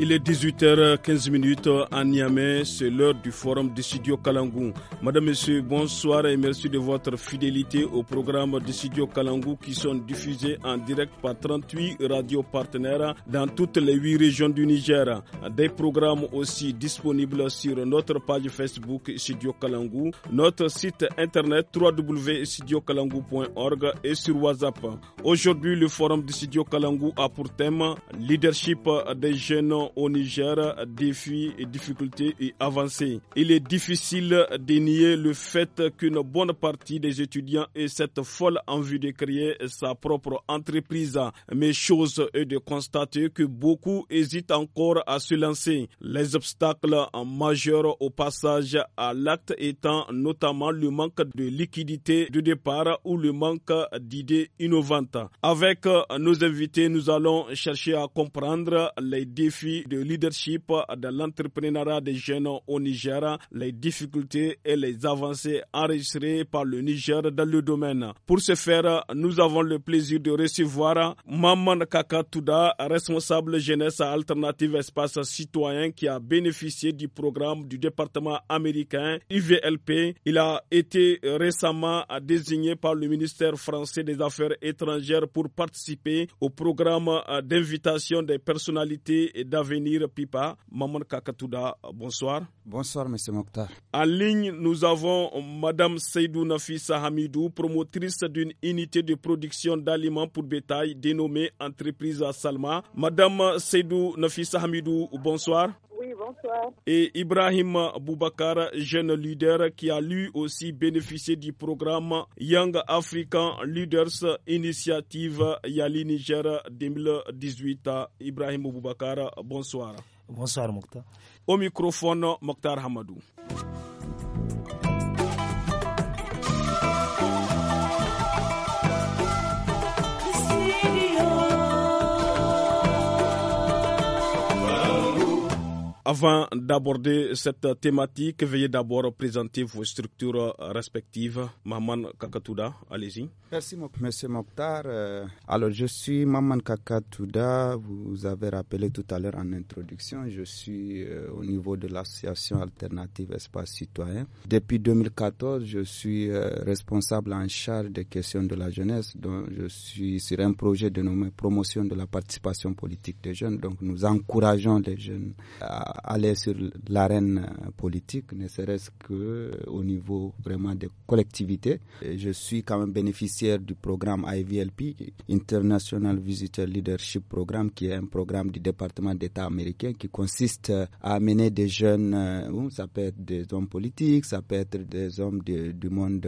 Il est 18h15 à Niamey, c'est l'heure du forum de Studio Kalangou. Madame, Monsieur, bonsoir et merci de votre fidélité au programme de Studio Kalangou qui sont diffusés en direct par 38 radios partenaires dans toutes les 8 régions du Niger. Des programmes aussi disponibles sur notre page Facebook Studio Kalangou, notre site internet www.sidiokalangou.org et sur WhatsApp. Aujourd'hui, le forum de Studio Kalangou a pour thème leadership des jeunes au Niger, défis et difficultés et avancées. Il est difficile de nier le fait qu'une bonne partie des étudiants ait cette folle envie de créer sa propre entreprise. Mais chose est de constater que beaucoup hésitent encore à se lancer. Les obstacles majeurs au passage à l'acte étant notamment le manque de liquidité de départ ou le manque d'idées innovantes. Avec nos invités, nous allons chercher à comprendre les défis de leadership dans l'entrepreneuriat des jeunes au Niger, les difficultés et les avancées enregistrées par le Niger dans le domaine. Pour ce faire, nous avons le plaisir de recevoir Maman Kakatouda, responsable jeunesse alternative espace citoyen qui a bénéficié du programme du département américain IVLP. Il a été récemment désigné par le ministère français des Affaires étrangères pour participer au programme d'invitation des personnalités et venir Pipa. Maman Kakatouda, bonsoir. Bonsoir, Monsieur Mokhtar. En ligne, nous avons Madame Seydou Nafisa Hamidou, promotrice d'une unité de production d'aliments pour bétail dénommée Entreprise Salma. Madame Seydou Nafisa Hamidou, bonsoir. Et Ibrahim Boubacar, jeune leader qui a lui aussi bénéficié du programme Young African Leaders Initiative Yali Niger 2018. Ibrahim Boubacar, bonsoir. Bonsoir Mokhtar. Au microphone, Mokhtar Hamadou. Avant d'aborder cette thématique, veuillez d'abord présenter vos structures respectives. Maman Kakatouda, allez-y. Merci, Monsieur Mokhtar. Euh, alors, je suis Maman Kakatouda. Vous avez rappelé tout à l'heure en introduction, je suis euh, au niveau de l'association alternative Espace Citoyen. Depuis 2014, je suis euh, responsable en charge des questions de la jeunesse, Donc, je suis sur un projet dénommé Promotion de la participation politique des jeunes. Donc, nous encourageons les jeunes à aller sur l'arène euh, politique, ne serait-ce que euh, au niveau vraiment des collectivités. je suis quand même bénéficiaire du programme IVLP, International Visitor Leadership Program, qui est un programme du département d'État américain qui consiste euh, à amener des jeunes, ça peut être des hommes politiques, ça peut être des hommes du monde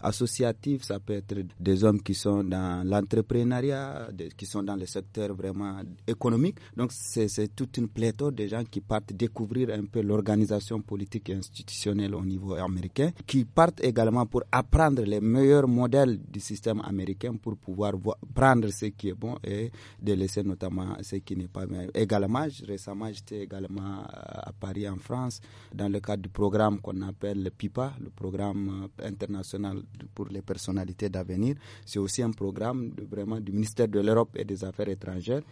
associatif, ça peut être des hommes qui sont dans l'entrepreneuriat, qui sont dans le secteur vraiment économique. Donc c'est toute une pléthore de gens qui partent découvrir un peu l'organisation politique et institutionnelle au niveau américain, qui partent également pour apprendre les meilleurs modèles du système américain pour pouvoir prendre ce qui est bon et de laisser notamment ce qui n'est pas bien. Également, récemment, j'étais également euh, à Paris, en France, dans le cadre du programme qu'on appelle le PIPA, le programme euh, international pour les personnalités d'avenir. C'est aussi un programme vraiment du ministère de l'Europe et des Affaires étrangères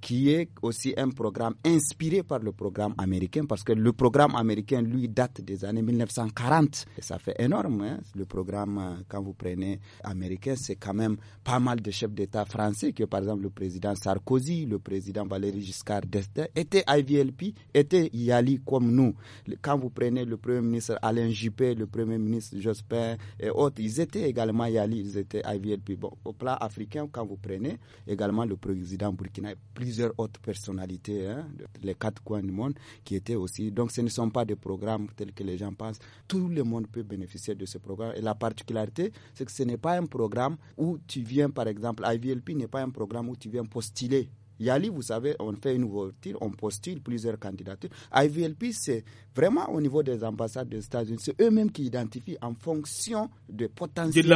qui est aussi un programme inspiré par le programme américain, parce que le programme américain, lui, date des années 1940. Et ça fait énorme. Hein. Le programme, euh, quand vous prenez américain, c'est quand même pas mal de chefs d'État français, que par exemple le président Sarkozy, le président Valéry Giscard d'Estaing, étaient IVLP, étaient Yali comme nous. Quand vous prenez le premier ministre Alain Juppé, le premier ministre Jospin et autres, ils étaient également Yali, ils étaient IVLP. Bon, au plan africain, quand vous prenez également le président Burkina, plusieurs autres personnalités, hein, les quatre coins du monde, qui était aussi. Donc ce ne sont pas des programmes tels que les gens pensent. Tout le monde peut bénéficier de ce programme. Et la particularité, c'est que ce n'est pas un programme où tu viens, par exemple, IVLP n'est pas un programme où tu viens postuler Yali, vous savez, on fait une voiture, on postule plusieurs candidatures. IVLP, c'est vraiment au niveau des ambassades des États-Unis, c'est eux-mêmes qui identifient en fonction de potentiel, de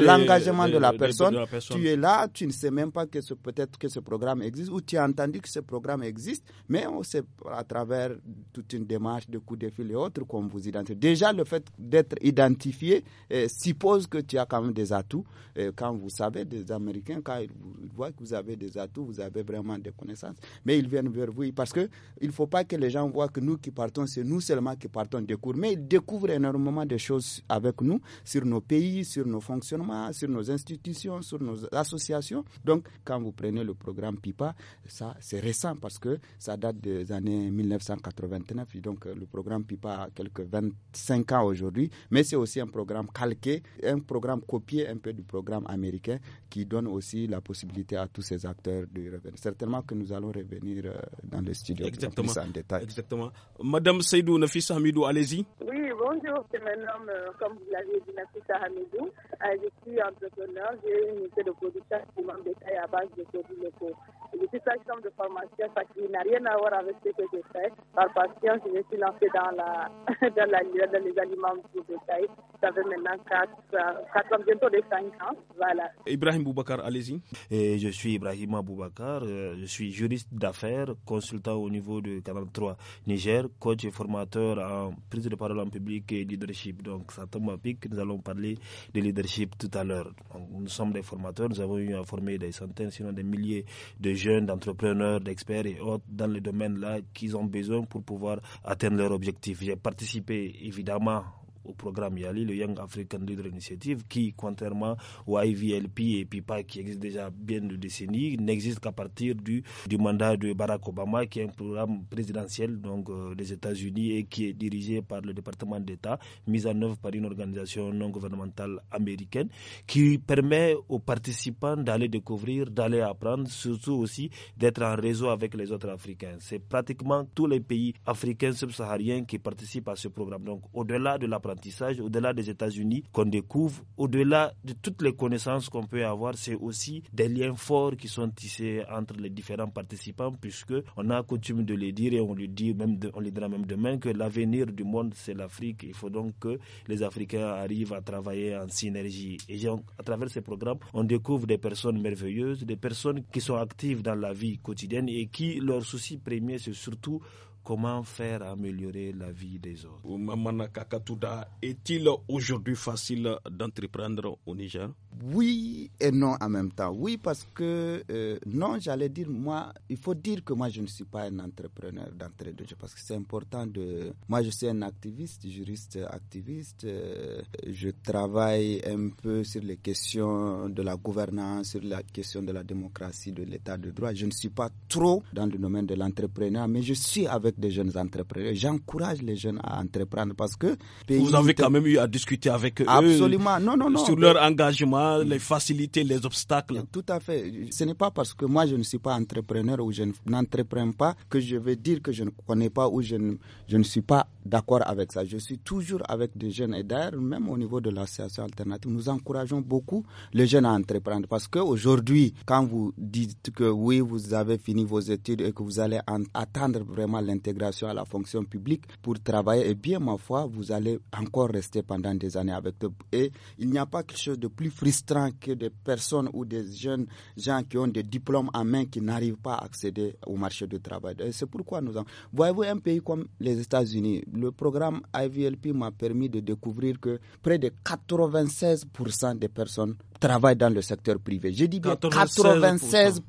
l'engagement de, la personne. Tu es là, tu ne sais même pas que ce peut-être que ce programme existe ou tu as entendu que ce programme existe, mais on sait à travers toute une démarche de coups de fil et autres qu'on vous identifie. Déjà, le fait d'être identifié eh, suppose que tu as quand même des atouts. Eh, quand vous savez des Américains, quand ils voient que vous avez des atouts, vous avez vraiment des connaissances, mais ils viennent vers vous parce qu'il ne faut pas que les gens voient que nous qui partons, c'est nous seulement qui partons des cours, mais ils découvrent énormément de choses avec nous sur nos pays, sur nos fonctionnements, sur nos institutions, sur nos associations. Donc, quand vous prenez le programme PIPA, ça c'est récent parce que ça date des années 1989, donc le programme PIPA a quelques 25 ans aujourd'hui, mais c'est aussi un programme calqué, un programme copié un peu du programme américain qui donne aussi la possibilité à tous ces acteurs de revenir certainement que nous allons revenir euh, dans le studio Exactement. en détail. Exactement. Madame Seydou Nafisa Hamidou, allez-y. Oui, bonjour, c'est mon nom, euh, comme vous l'avez dit, Nafisa Hamidou. Euh, je suis entrepreneur, j'ai une unité de production qui m'a détail à base de produits locaux. Je suis sage-femme de formation, ça qui n'a rien à voir avec ce que j'ai fait. Par passion je me suis lancée dans, la, dans, les aliments de détail. Ça fait maintenant 4, ans, bientôt de 5 ans. Voilà. Ibrahim Boubacar, allez-y. Et je suis Ibrahim Boubacar euh, je suis juriste d'affaires, consultant au niveau de 43 Niger, coach et formateur en prise de parole en public et leadership. Donc ça tombe à pic, nous allons parler de leadership tout à l'heure. Nous sommes des formateurs, nous avons eu à former des centaines, sinon des milliers de jeunes, d'entrepreneurs, d'experts et autres dans les domaines là qu'ils ont besoin pour pouvoir atteindre leurs objectifs. J'ai participé évidemment au programme Yali, le Young African Leader Initiative, qui, contrairement au IVLP et PIPA, qui existe déjà bien de décennies, n'existe qu'à partir du, du mandat de Barack Obama, qui est un programme présidentiel donc, euh, des États-Unis et qui est dirigé par le département d'État, mis en œuvre par une organisation non gouvernementale américaine, qui permet aux participants d'aller découvrir, d'aller apprendre, surtout aussi d'être en réseau avec les autres Africains. C'est pratiquement tous les pays africains subsahariens qui participent à ce programme. Donc, au-delà de la au-delà des États-Unis qu'on découvre, au-delà de toutes les connaissances qu'on peut avoir, c'est aussi des liens forts qui sont tissés entre les différents participants, puisque on a coutume de les dire et on le dit même, on le dira même demain que l'avenir du monde c'est l'Afrique. Il faut donc que les Africains arrivent à travailler en synergie. Et à travers ces programmes, on découvre des personnes merveilleuses, des personnes qui sont actives dans la vie quotidienne et qui leur souci premier c'est surtout comment faire améliorer la vie des autres. est-il aujourd'hui facile d'entreprendre au Niger Oui et non en même temps. Oui parce que, euh, non, j'allais dire, moi, il faut dire que moi, je ne suis pas un entrepreneur d'entrée de jeu parce que c'est important de... Moi, je suis un activiste, juriste activiste. Euh, je travaille un peu sur les questions de la gouvernance, sur la question de la démocratie, de l'état de droit. Je ne suis pas trop dans le domaine de l'entrepreneur, mais je suis avec des jeunes entrepreneurs. J'encourage les jeunes à entreprendre parce que... Vous avez quand même eu à discuter avec Absolument. eux non, non, non, sur leur engagement, mm. les facilités, les obstacles. Tout à fait. Ce n'est pas parce que moi je ne suis pas entrepreneur ou je n'entreprends pas que je vais dire que je ne connais pas ou je ne, je ne suis pas d'accord avec ça. Je suis toujours avec des jeunes et d'ailleurs même au niveau de l'association alternative, nous encourageons beaucoup les jeunes à entreprendre parce qu'aujourd'hui, quand vous dites que oui, vous avez fini vos études et que vous allez attendre vraiment l'intérêt intégration à la fonction publique pour travailler. Et bien, ma foi, vous allez encore rester pendant des années avec eux. Et il n'y a pas quelque chose de plus frustrant que des personnes ou des jeunes gens qui ont des diplômes en main qui n'arrivent pas à accéder au marché du travail. c'est pourquoi nous avons. Voyez-vous un pays comme les États-Unis Le programme IVLP m'a permis de découvrir que près de 96% des personnes travaillent dans le secteur privé. Je dis bien 96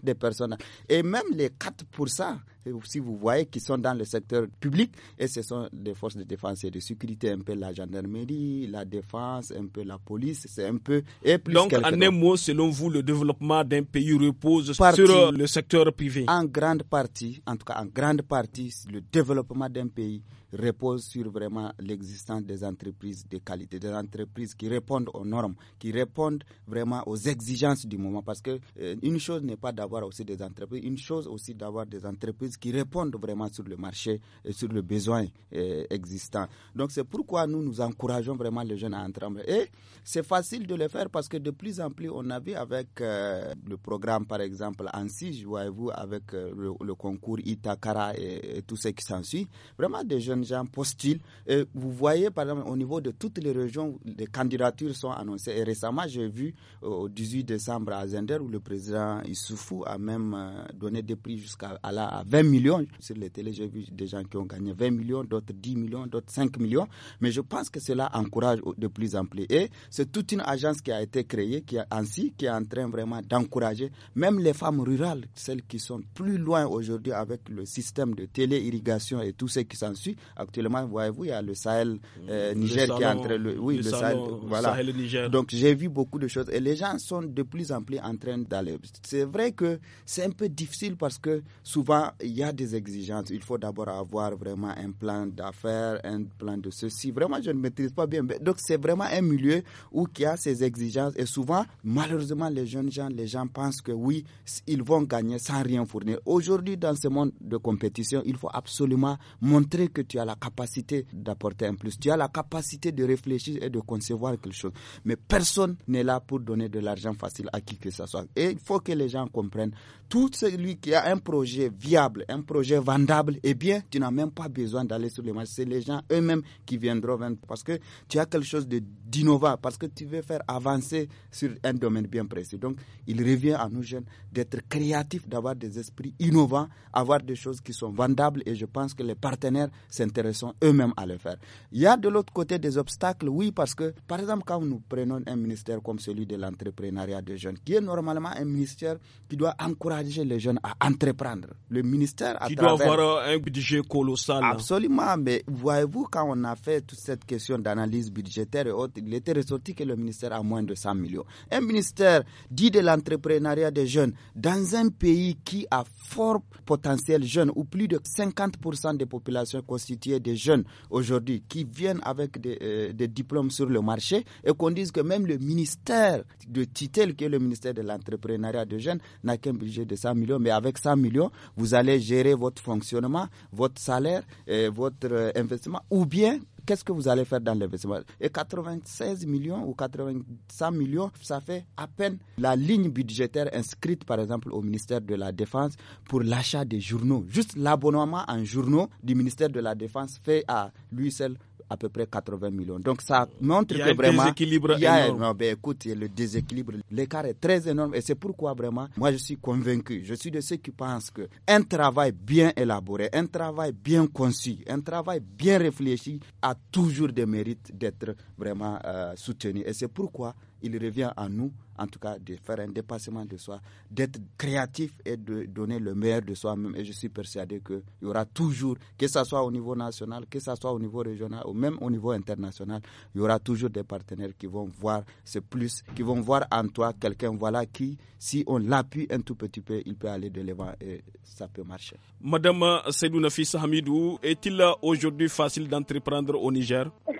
des personnes. Et même les 4% si vous voyez, qui sont dans le secteur public, et ce sont des forces de défense et de sécurité, un peu la gendarmerie, la défense, un peu la police, c'est un peu... Et plus Donc, en un mot, selon vous, le développement d'un pays repose sur euh, le secteur privé En grande partie, en tout cas en grande partie, le développement d'un pays repose sur vraiment l'existence des entreprises de qualité, des entreprises qui répondent aux normes, qui répondent vraiment aux exigences du moment. Parce que euh, une chose n'est pas d'avoir aussi des entreprises, une chose aussi d'avoir des entreprises qui répondent vraiment sur le marché et sur le besoin euh, existant. Donc c'est pourquoi nous nous encourageons vraiment les jeunes à entrer. Et c'est facile de le faire parce que de plus en plus on a vu avec euh, le programme par exemple ANSI, voyez-vous, avec le, concours Itakara et, et tout ce qui s'ensuit, vraiment des jeunes gens postulent. Et vous voyez, par exemple, au niveau de toutes les régions, les candidatures sont annoncées. Et récemment, j'ai vu euh, au 18 décembre à Zender où le président Issoufou a même euh, donné des prix jusqu'à à, 20 millions. Sur les télé, j'ai vu des gens qui ont gagné 20 millions, d'autres 10 millions, d'autres 5 millions. Mais je pense que cela encourage de plus en plus. Et c'est toute une agence qui a été créée, qui ainsi, qui est en train vraiment d'encourager même les femmes rurales, celles qui sont plus loin aujourd'hui avec le système de télé-irrigation et tout ce qui s'ensuit, Actuellement, voyez-vous, il y a le Sahel mm. euh, Niger qui est entre le, oui, le, Sahel, voilà. Niger. Donc j'ai vu beaucoup de choses et les gens sont de plus en plus en train d'aller. C'est vrai que c'est un peu difficile parce que souvent il y a des exigences. Il faut d'abord avoir vraiment un plan d'affaires, un plan de ceci. Vraiment, je ne maîtrise pas bien. Donc c'est vraiment un milieu où il y a ces exigences et souvent, malheureusement, les jeunes gens, les gens pensent que oui, ils vont gagner sans rien fournir. Aujourd'hui, dans ce monde de compétition, il faut absolument montrer que tu as as la capacité d'apporter un plus, tu as la capacité de réfléchir et de concevoir quelque chose. Mais personne n'est là pour donner de l'argent facile à qui que ce soit. Et il faut que les gens comprennent, tout celui qui a un projet viable, un projet vendable, eh bien, tu n'as même pas besoin d'aller sur les marchés. C'est les gens eux-mêmes qui viendront vendre parce que tu as quelque chose d'innovant, parce que tu veux faire avancer sur un domaine bien précis. Donc, il revient à nous jeunes d'être créatifs, d'avoir des esprits innovants, avoir des choses qui sont vendables et je pense que les partenaires c'est intéressant eux-mêmes à le faire. Il y a de l'autre côté des obstacles, oui, parce que, par exemple, quand nous prenons un ministère comme celui de l'entrepreneuriat des jeunes, qui est normalement un ministère qui doit encourager les jeunes à entreprendre. Le ministère à Qui doit avoir un budget colossal. Absolument, mais voyez-vous, quand on a fait toute cette question d'analyse budgétaire et autres, il était ressorti que le ministère a moins de 100 millions. Un ministère dit de l'entrepreneuriat des jeunes dans un pays qui a fort potentiel jeune, où plus de 50% des populations constituent des jeunes aujourd'hui qui viennent avec euh, des, diplômes sur le marché et qu'on dise que même le ministère de titel, qui est le ministère de l'entrepreneuriat de jeunes, n'a qu'un budget de 100 millions, mais avec 100 millions, vous allez gérer votre fonctionnement, votre salaire, et votre euh, investissement, ou bien qu'est-ce que vous allez faire dans l'investissement Et 96 millions ou 800 millions, ça fait à peine la ligne budgétaire inscrite, par exemple, au ministère de la Défense pour l'achat des journaux. Juste l'abonnement en journaux du ministère de la Défense fait à lui seul à peu près 80 millions. Donc ça oh. montre que vraiment... Déséquilibre il y a énorme. Non, ben, écoute, le déséquilibre, l'écart est très énorme et c'est pourquoi vraiment, moi je suis convaincu, je suis de ceux qui pensent que un travail bien élaboré, un travail bien conçu, un travail bien réfléchi a toujours des mérites d'être vraiment euh, soutenu. Et c'est pourquoi il revient à nous, en tout cas, de faire un dépassement de soi, d'être créatif et de donner le meilleur de soi-même. Et je suis persuadé qu'il y aura toujours, que ce soit au niveau national, que ce soit au niveau régional ou même au niveau international, il y aura toujours des partenaires qui vont voir ce plus, qui vont voir en toi quelqu'un, voilà, qui, si on l'appuie un tout petit peu, il peut aller de l'avant et ça peut marcher. Madame Seydou Nafis Hamidou, est-il aujourd'hui facile d'entreprendre au Niger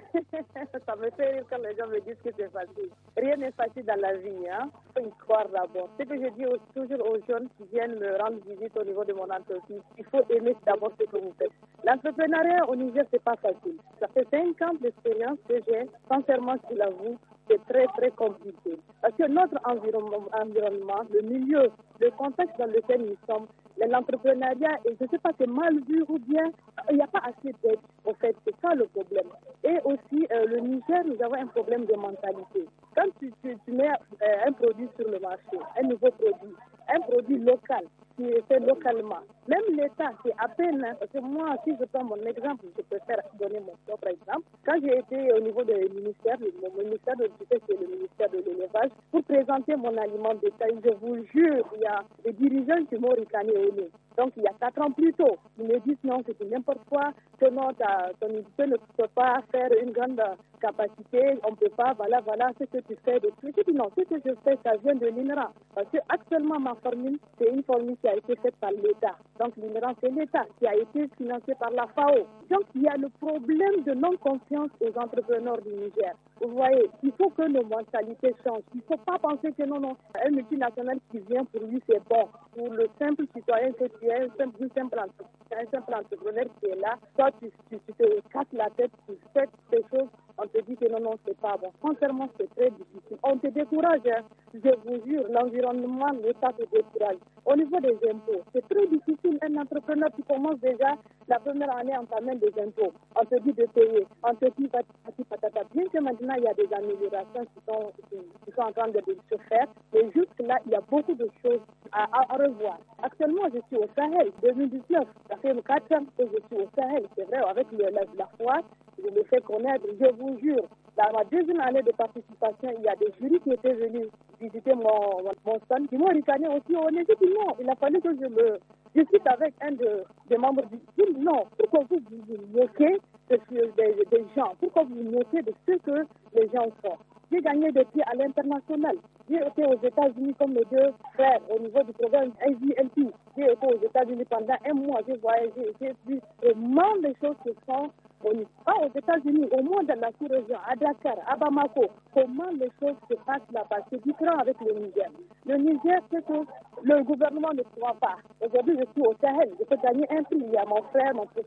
Ça me fait rire quand les gens me disent que c'est facile rien n'est facile dans la vie. Hein. Il faut y croire d'abord. Ce que je dis toujours aux jeunes qui viennent me rendre visite au niveau de mon entreprise, il faut aimer d'abord ce que vous faites. L'entrepreneuriat au Niger, c'est pas facile. Ça fait 5 ans d'expérience que j'ai. Sincèrement, je l'avoue, c'est très, très compliqué. Parce que notre environnement, environnement, le milieu, le contexte dans lequel nous sommes, l'entrepreneuriat, je ne sais pas, c'est mal vu ou bien il n'y a pas assez d'aide. En fait, c'est ça le problème. Et aussi, euh, le Niger, nous avons un problème de mentalité. Quand tu, mets euh, un produit sur le marché, un nouveau produit, un produit local qui est fait localement. Même l'État, qui à peine, parce que moi, si je prends mon exemple, je préfère donner mon propre exemple. Quand j'ai été au niveau du ministère, ministère de le ministère de l'Élevage, pour présenter mon aliment d'État, je vous jure, il y a des dirigeants qui m'ont ricané au nez. Donc il y a 4 ans plus tôt, ils me disent non, c'est n'importe quoi, que non, ton éditeur ne peut pas faire une grande capacité, on ne peut pas, voilà, voilà, ce que tu fais. De plus. Je dis non, ce que je fais, ça vient de l'INRA. Parce que actuellement, ma formule, c'est une formule qui a été faite par l'État. Donc l'INRA, c'est l'État qui a été financé par la FAO. Donc il y a le problème de non-confiance aux entrepreneurs du Niger. Vous voyez, il faut que nos mentalités changent. Il ne faut pas penser que non, non, un multinational qui vient pour lui, c'est bon. Pour le simple citoyen que tu es, un simple, simple, un entrepreneur qui est là, toi, tu, te casses la tête, tu fais quelque choses on te dit que non, non, c'est pas bon. Sincèrement, c'est très difficile. On te décourage, hein. je vous jure, l'environnement, l'État te décourage. Au niveau des impôts, c'est très difficile. Un entrepreneur qui commence déjà la première année en t'amène des impôts, on te dit de payer, on te dit Bien que maintenant, il y a des améliorations qui sont, en train de se faire, mais juste là, il y a beaucoup de choses à, revoir. Actuellement, je suis au Sahel, 2019. Ça fait 4 ans que je suis au Sahel, c'est vrai, avec le, la, la foi, je me fais connaître vous jure, dans ma deuxième année de participation, il y a des jurys qui étaient venus visiter mon, mon stand, qui m'ont ricané aussi dit non, Il a fallu que je me discute avec un de, des membres du team. Non, pourquoi vous vous moquez des, des gens Pourquoi vous vous moquez de ce que les gens font j'ai gagné des pieds à l'international. J'ai été aux États-Unis comme mes deux frères au niveau du programme AVLP. J'ai été aux États-Unis pendant un mois, j'ai voyagé, j'ai vu comment des choses se sont pas aux États-Unis, au monde, de la sous-région, à Dakar, à Bamako, comment les choses se passent là-bas C'est différent avec le Niger. Le Niger, c'est que le gouvernement ne croit pas. Aujourd'hui, je suis au Sahel, je peux gagner un prix. Il y a mon frère, mon frère,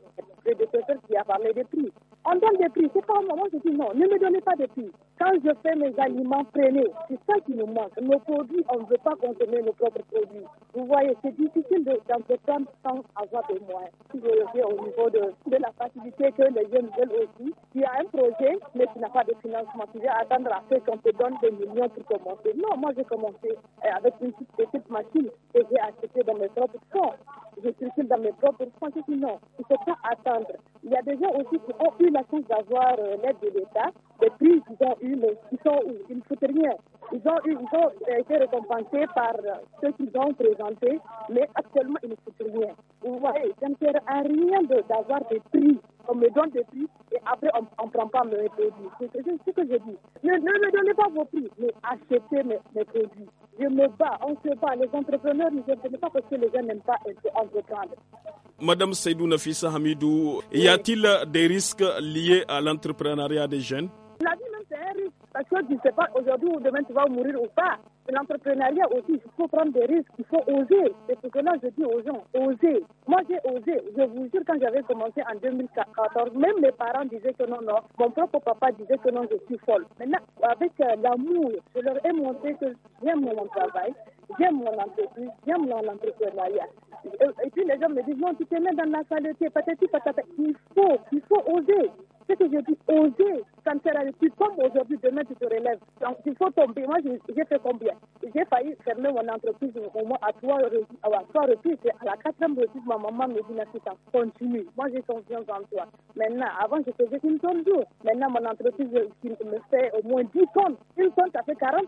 qui a parlé des prix. On donne des prix. C'est pas moi. moment je dis non, ne me donnez pas de prix. Quand je fais mes aliments, prenez. C'est ça qui nous manque. Nos produits, on ne veut pas consommer nos propres produits. Vous voyez, c'est difficile d'entreprendre temps sans avoir des moyens. Si vous regardez au niveau de, de la facilité que les jeunes veulent aussi, y a un projet, mais qui n'a pas de financement, tu vas attendre à ce qu'on te donne des millions pour commencer. Non, moi j'ai commencé euh, avec une petite, machine et j'ai acheté dans mes propres fonds. Je circule dans mes propres fonds. Je que non, il ne faut pas attendre. Il y a des gens aussi qui ont eu la chance d'avoir euh, l'aide de l'État, des prix qu'ils ont eu, mais ils sont où Ils ne foutent rien. Ils ont, été récompensés par ce qu'ils ont présenté, mais actuellement, ils ne foutent rien. Vous voyez, ça ne sert à rien d'avoir des prix. On me donne des prix et après, on ne prend pas mes produits. C'est ce que je dis. Ne, me donnez pas vos prix, mais achetez mes, produits. Je me bats, on se bat. Les entrepreneurs, ne se pas parce que les gens n'aiment pas entreprendre. Madame Seydou Nafissa Hamidou, y a-t-il des risques liés à l'entrepreneuriat des jeunes je ne sais pas aujourd'hui ou demain tu vas mourir ou pas. L'entrepreneuriat aussi, il faut prendre des risques, il faut oser. Et ce que là je dis aux gens, oser. Moi j'ai osé. Je vous jure, quand j'avais commencé en 2014, même mes parents disaient que non, non. Mon propre papa disait que non, je suis folle. Maintenant, avec euh, l'amour, je leur ai montré que j'aime mon travail, j'aime mon entreprise, j'aime mon entrepreneuriat. Et puis les gens me disent, non, tu te mets dans la saleté, patati, patata. Il faut, il faut oser ce que j'ai dis oser, ça ne sert à Tu tombes aujourd'hui, demain tu te relèves. Donc il faut tomber. Moi j'ai fait combien J'ai failli fermer mon entreprise au moins à trois reprises. Ah à la quatrième reprise, ma maman me dit, ça continue. Moi j'ai confiance en toi. Maintenant, avant je faisais une tonne d'eau. Maintenant mon entreprise euh, me fait au moins 10 tonnes. Une tonne, ça fait 45.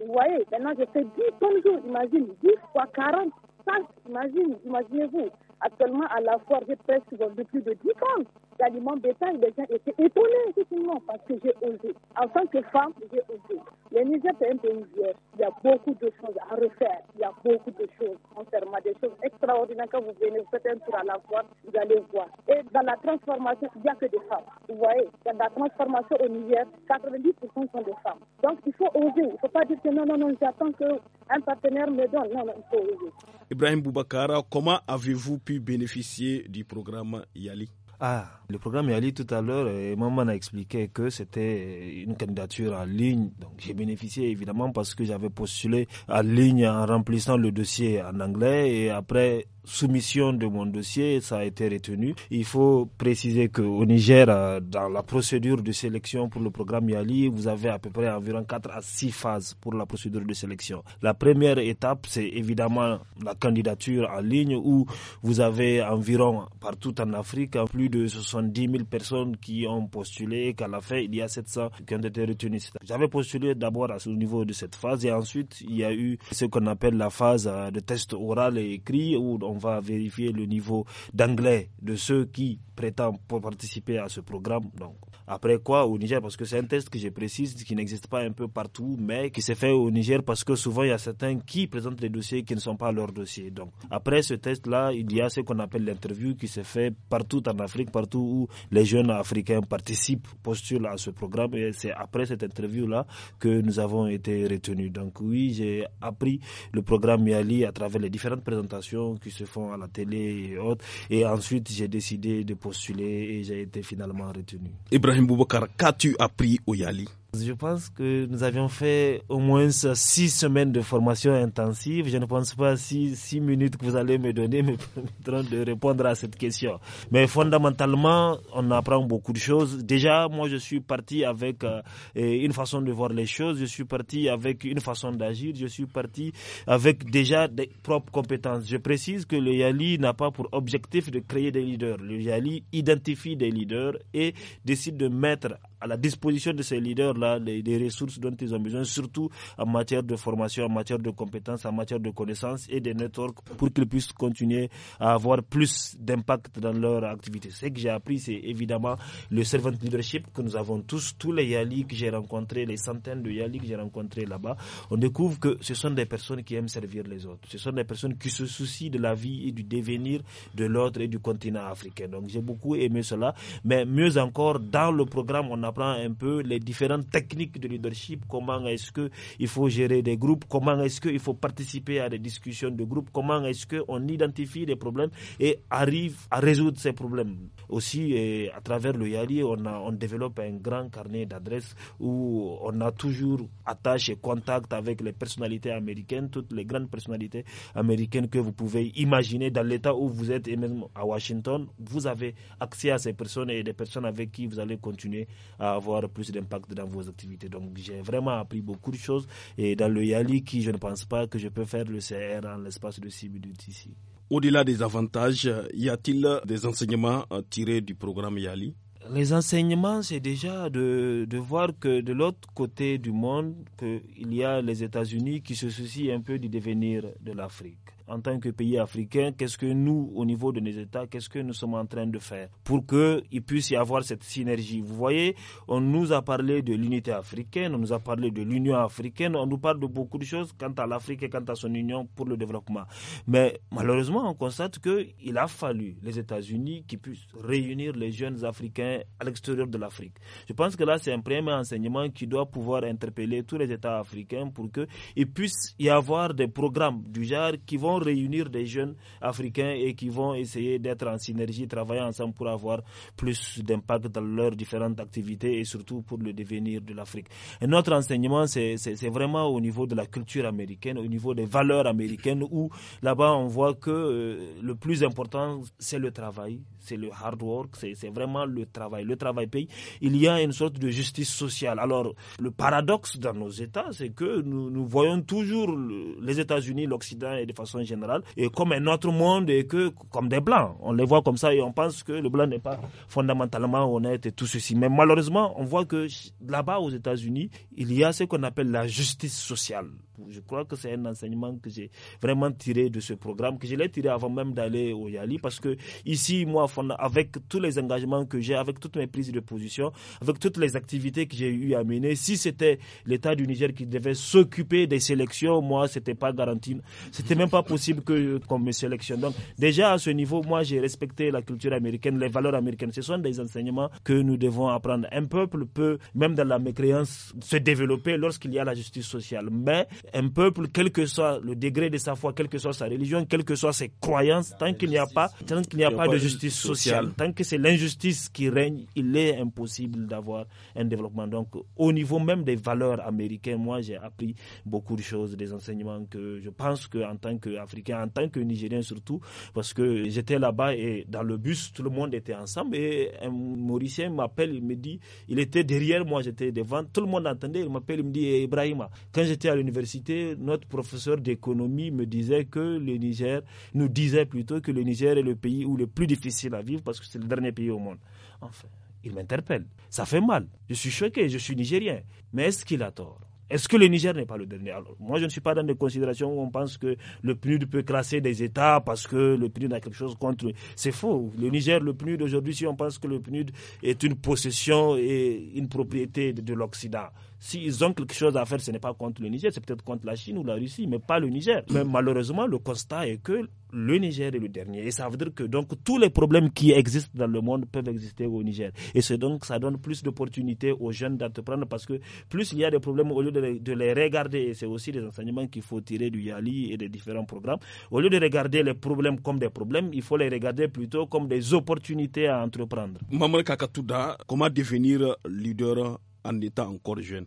Vous voyez, maintenant je fais 10 tonnes d'eau. Imagine, 10 fois 40 sacs. Imagine, imaginez-vous. Actuellement, à la foire, j'ai presque vendu plus de 10 ans d'aliments bétail. Les gens étaient étonnés, effectivement, parce que j'ai osé. En tant que femme, j'ai osé. Le Niger, c'est un pays Il y a beaucoup de choses à refaire. Il y a beaucoup de choses, concernant des choses extraordinaires. Quand vous venez, vous faites un tour à la foire, vous allez voir. Et dans la transformation, il n'y a que des femmes. Vous voyez, dans la transformation au Niger, 90% sont des femmes. Donc, il faut oser. Il ne faut pas dire que non, non, non, j'attends qu'un partenaire me donne. Non, non, il faut oser. Ibrahim Boubacara, comment avez-vous pu bénéficier du programme Yali ah, le programme Yali tout à l'heure, euh, Maman a expliqué que c'était euh, une candidature en ligne. Donc j'ai bénéficié évidemment parce que j'avais postulé en ligne en remplissant le dossier en anglais et après soumission de mon dossier, ça a été retenu. Il faut préciser que au Niger, euh, dans la procédure de sélection pour le programme Yali, vous avez à peu près environ 4 à 6 phases pour la procédure de sélection. La première étape, c'est évidemment la candidature en ligne où vous avez environ partout en Afrique hein, plus de 70 000 personnes qui ont postulé et qu'à la fin, il y a 700 qui ont été retenus. J'avais postulé d'abord au niveau de cette phase et ensuite, il y a eu ce qu'on appelle la phase euh, de test oral et écrit où on on va vérifier le niveau d'anglais de ceux qui prétendent pour participer à ce programme. Donc, après quoi, au Niger, parce que c'est un test que je précise, qui n'existe pas un peu partout, mais qui s'est fait au Niger parce que souvent il y a certains qui présentent des dossiers qui ne sont pas leurs dossiers. Donc, après ce test-là, il y a ce qu'on appelle l'interview qui s'est fait partout en Afrique, partout où les jeunes africains participent, postulent à ce programme. Et c'est après cette interview-là que nous avons été retenus. Donc, oui, j'ai appris le programme Yali à travers les différentes présentations qui se font à la télé et autres. Et ensuite, j'ai décidé de postuler et j'ai été finalement retenu. Ibrahim Boubacar, qu'as-tu appris au Yali je pense que nous avions fait au moins six semaines de formation intensive. Je ne pense pas si six minutes que vous allez me donner me permettront de répondre à cette question. Mais fondamentalement, on apprend beaucoup de choses. Déjà, moi, je suis parti avec euh, une façon de voir les choses. Je suis parti avec une façon d'agir. Je suis parti avec déjà des propres compétences. Je précise que le Yali n'a pas pour objectif de créer des leaders. Le Yali identifie des leaders et décide de mettre à la disposition de ces leaders-là les, ressources dont ils ont besoin, surtout en matière de formation, en matière de compétences, en matière de connaissances et des networks pour qu'ils puissent continuer à avoir plus d'impact dans leur activité. Ce que j'ai appris, c'est évidemment le servant leadership que nous avons tous, tous les Yali que j'ai rencontrés, les centaines de Yali que j'ai rencontrés là-bas. On découvre que ce sont des personnes qui aiment servir les autres. Ce sont des personnes qui se soucient de la vie et du devenir de l'autre et du continent africain. Donc j'ai beaucoup aimé cela. Mais mieux encore, dans le programme, on a apprend un peu les différentes techniques de leadership, comment est-ce qu'il faut gérer des groupes, comment est-ce qu'il faut participer à des discussions de groupe, comment est-ce qu'on identifie les problèmes et arrive à résoudre ces problèmes. Aussi, eh, à travers le YALI, on, développe un grand carnet d'adresses où on a toujours attaché et contact avec les personnalités américaines, toutes les grandes personnalités américaines que vous pouvez imaginer dans l'État où vous êtes et même à Washington. Vous avez accès à ces personnes et des personnes avec qui vous allez continuer à avoir plus d'impact dans vos activités. Donc j'ai vraiment appris beaucoup de choses et dans le Yali qui je ne pense pas que je peux faire le CR en l'espace de 6 minutes ici. Au-delà des avantages, y a-t-il des enseignements tirés du programme Yali les enseignements, c'est déjà de, de, voir que de l'autre côté du monde, qu'il y a les États-Unis qui se soucient un peu du devenir de l'Afrique en tant que pays africain, qu'est-ce que nous, au niveau de nos États, qu'est-ce que nous sommes en train de faire pour qu'il puisse y avoir cette synergie. Vous voyez, on nous a parlé de l'unité africaine, on nous a parlé de l'Union africaine, on nous parle de beaucoup de choses quant à l'Afrique et quant à son union pour le développement. Mais malheureusement, on constate qu'il a fallu les États-Unis qui puissent réunir les jeunes Africains à l'extérieur de l'Afrique. Je pense que là, c'est un premier enseignement qui doit pouvoir interpeller tous les États africains pour qu'il puisse y avoir des programmes du genre qui vont réunir des jeunes africains et qui vont essayer d'être en synergie, travailler ensemble pour avoir plus d'impact dans leurs différentes activités et surtout pour le devenir de l'Afrique. Notre enseignement, c'est vraiment au niveau de la culture américaine, au niveau des valeurs américaines, où là-bas, on voit que euh, le plus important, c'est le travail, c'est le hard work, c'est vraiment le travail. Le travail paye. Il y a une sorte de justice sociale. Alors, le paradoxe dans nos États, c'est que nous, nous, voyons toujours les États-Unis, l'Occident et de façon général et comme un autre monde et que comme des blancs. On les voit comme ça et on pense que le blanc n'est pas fondamentalement honnête et tout ceci. Mais malheureusement, on voit que là-bas aux États-Unis, il y a ce qu'on appelle la justice sociale je crois que c'est un enseignement que j'ai vraiment tiré de ce programme, que je l'ai tiré avant même d'aller au Yali, parce que ici, moi, avec tous les engagements que j'ai, avec toutes mes prises de position, avec toutes les activités que j'ai eu à mener, si c'était l'État du Niger qui devait s'occuper des sélections, moi, c'était pas garanti, c'était même pas possible que qu'on me sélectionne. Donc, déjà à ce niveau, moi, j'ai respecté la culture américaine, les valeurs américaines. Ce sont des enseignements que nous devons apprendre. Un peuple peut, même dans la mécréance, se développer lorsqu'il y a la justice sociale. Mais un peuple, quel que soit le degré de sa foi, quelle que soit sa religion, quelles que soient ses croyances, tant qu'il n'y a pas, tant qu'il n'y a, pas de justice sociale, tant que c'est l'injustice qui règne, il est impossible d'avoir un développement. Donc, au niveau même des valeurs américaines, moi, j'ai appris beaucoup de choses, des enseignements que je pense qu'en tant qu'Africain, en tant que Nigérien surtout, parce que j'étais là-bas et dans le bus, tout le monde était ensemble et un Mauricien m'appelle, il me dit, il était derrière moi, j'étais devant, tout le monde entendait, il m'appelle, il me dit, eh, Ibrahima, quand j'étais à l'université, notre professeur d'économie me disait que le Niger, nous disait plutôt que le Niger est le pays où le plus difficile à vivre parce que c'est le dernier pays au monde. Enfin, il m'interpelle. Ça fait mal. Je suis choqué, je suis nigérien. Mais est-ce qu'il a tort est-ce que le Niger n'est pas le dernier Alors, moi, je ne suis pas dans des considérations où on pense que le PNUD peut classer des États parce que le PNUD a quelque chose contre. C'est faux. Le Niger, le PNUD, aujourd'hui, si on pense que le PNUD est une possession et une propriété de l'Occident, S'ils ont quelque chose à faire, ce n'est pas contre le Niger, c'est peut-être contre la Chine ou la Russie, mais pas le Niger. Mais malheureusement, le constat est que le Niger est le dernier. Et ça veut dire que donc tous les problèmes qui existent dans le monde peuvent exister au Niger. Et c'est donc ça donne plus d'opportunités aux jeunes d'entreprendre parce que plus il y a des problèmes, au lieu de les, de les regarder, et c'est aussi des enseignements qu'il faut tirer du Yali et des différents programmes, au lieu de regarder les problèmes comme des problèmes, il faut les regarder plutôt comme des opportunités à entreprendre. Maman Kakatouda, comment devenir leader en étant encore jeune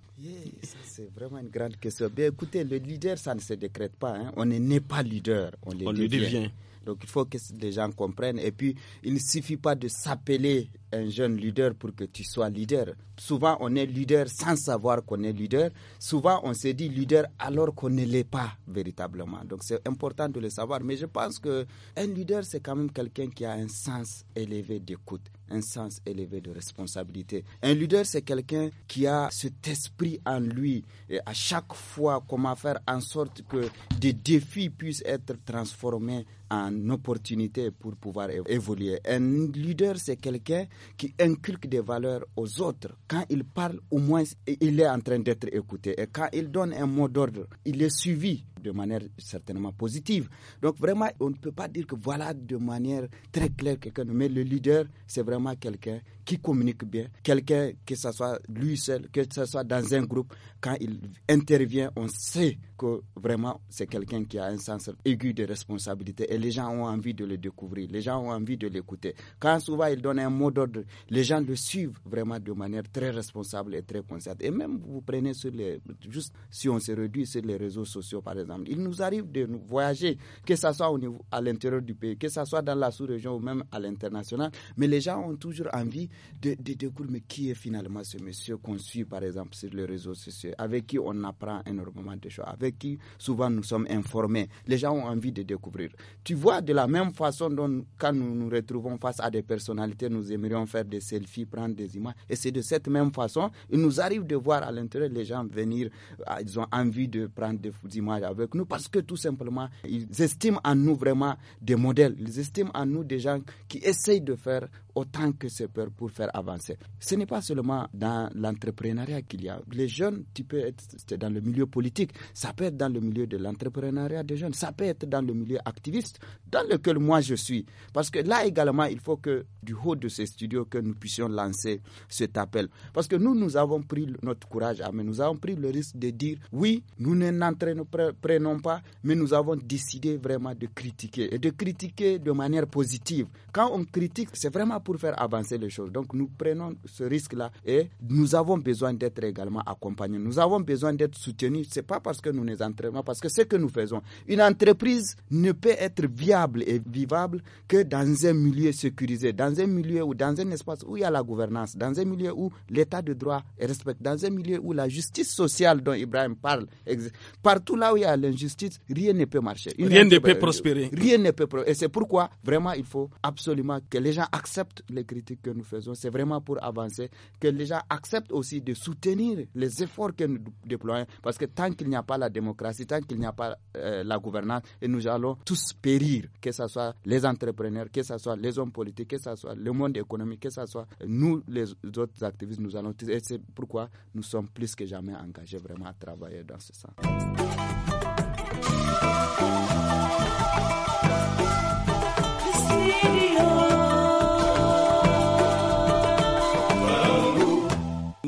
C'est vraiment une grande question. écoutez, le leader, ça ne se décrète pas. Hein. On n'est pas leader, on, le, le devient. Donc il faut que les gens comprennent. Et puis, il ne suffit pas de s'appeler un jeune leader pour que tu sois leader. Souvent, on est leader sans savoir qu'on est leader. Souvent, on se dit leader alors qu'on ne l'est pas véritablement. Donc c'est important de le savoir. Mais je pense qu'un leader, c'est quand même quelqu'un qui a un sens élevé d'écoute un sens élevé de responsabilité. Un leader, c'est quelqu'un qui a cet esprit en lui, et à chaque fois, comment faire en sorte que des défis puissent être transformés en opportunités pour pouvoir évoluer. Un leader, c'est quelqu'un qui inculque des valeurs aux autres. Quand il parle, au moins, il est en train d'être écouté. Et quand il donne un mot d'ordre, il est suivi de manière certainement positive. Donc vraiment, on ne peut pas dire que voilà de manière très claire quelqu'un, mais le leader, c'est vraiment quelqu'un qui communique bien, quelqu'un que ce soit lui seul, que ce soit dans un groupe, quand il intervient, on sait que vraiment c'est quelqu'un qui a un sens aigu de responsabilité et les gens ont envie de le découvrir, les gens ont envie de l'écouter. Quand souvent il donne un mot d'ordre, les gens le suivent vraiment de manière très responsable et très consciente. Et même vous prenez sur les, juste si on se réduit sur les réseaux sociaux par exemple, il nous arrive de nous voyager, que ce soit au niveau, à l'intérieur du pays, que ce soit dans la sous-région ou même à l'international, mais les gens ont toujours envie de, découvrir mais qui est finalement ce monsieur qu'on suit, par exemple, sur les réseaux sociaux, avec qui on apprend énormément de choses, avec qui souvent nous sommes informés. Les gens ont envie de découvrir. Tu vois, de la même façon dont quand nous nous retrouvons face à des personnalités, nous aimerions faire des selfies, prendre des images, et c'est de cette même façon, il nous arrive de voir à l'intérieur les gens venir, ah, ils ont envie de prendre des images avec nous parce que tout simplement, ils estiment en nous vraiment des modèles. Ils estiment en nous des gens qui essayent de faire autant que c'est peur pour faire avancer. Ce n'est pas seulement dans l'entrepreneuriat qu'il y a. Les jeunes, tu peux être dans le milieu politique, ça peut être dans le milieu de l'entrepreneuriat des jeunes, ça peut être dans le milieu activiste dans lequel moi je suis. Parce que là également, il faut que du haut de ces studios, que nous puissions lancer cet appel. Parce que nous, nous avons pris notre courage, hein, mais nous avons pris le risque de dire, oui, nous n'entraînons pas, mais nous avons décidé vraiment de critiquer et de critiquer de manière positive. Quand on critique, c'est vraiment pour faire avancer les choses. Donc nous prenons ce risque-là et nous avons besoin d'être également accompagnés. Nous avons besoin d'être soutenus. Ce n'est pas parce que nous nous entraînons, parce que ce que nous faisons, une entreprise ne peut être viable et vivable que dans un milieu sécurisé, dans un milieu ou dans un espace où il y a la gouvernance, dans un milieu où l'état de droit est respecté, dans un milieu où la justice sociale dont Ibrahim parle existe. Partout là où il y a l'injustice, rien ne peut marcher. Euh, rien ne peut prospérer. Rien ne peut prospérer. Et c'est pourquoi vraiment il faut absolument que les gens acceptent les critiques que nous faisons. C'est vraiment pour avancer que les gens acceptent aussi de soutenir les efforts que nous déployons. Parce que tant qu'il n'y a pas la démocratie, tant qu'il n'y a pas euh, la gouvernance, et nous allons tous périr, que ce soit les entrepreneurs, que ce soit les hommes politiques, que ce soit le monde économique, que ce soit nous, les autres activistes, nous allons tous. Et c'est pourquoi nous sommes plus que jamais engagés vraiment à travailler dans ce sens.